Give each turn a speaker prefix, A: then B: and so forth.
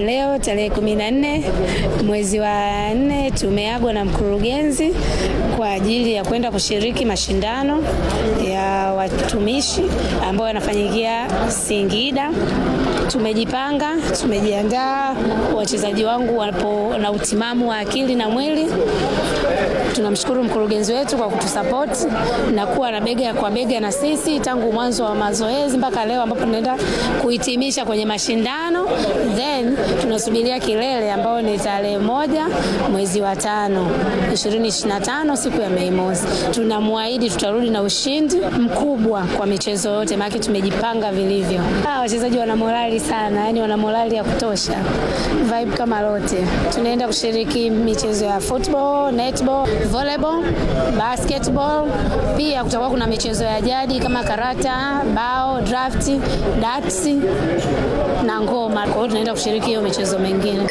A: Leo tarehe kumi na nne mwezi wa nne tumeagwa na mkurugenzi kwa ajili ya kwenda kushiriki mashindano ya watumishi ambayo yanafanyikia Singida. Tumejipanga, tumejiandaa, wachezaji wangu wapo na utimamu wa akili na mwili. Tunamshukuru mkurugenzi wetu kwa kutusupport na kuwa na bega kwa bega na sisi tangu mwanzo wa mazoezi mpaka leo ambapo tunaenda kuhitimisha kwenye mashindano, then tunasubiria kilele ambayo ni tarehe moja mwezi wa tano 2025 siku ya Mei Mosi. Tunamwahidi tutarudi na ushindi mkubwa kwa michezo yote, maana tumejipanga vilivyo. Ah, Wachezaji wana morali sana, yani wana morali ya kutosha, vibe kama lote. Tunaenda kushiriki michezo ya football, netball baseball, volleyball, basketball. Pia kutakuwa kuna michezo ya jadi kama karata, bao, draft darts na ngoma. Kwa hiyo tunaenda kushiriki hiyo michezo mengine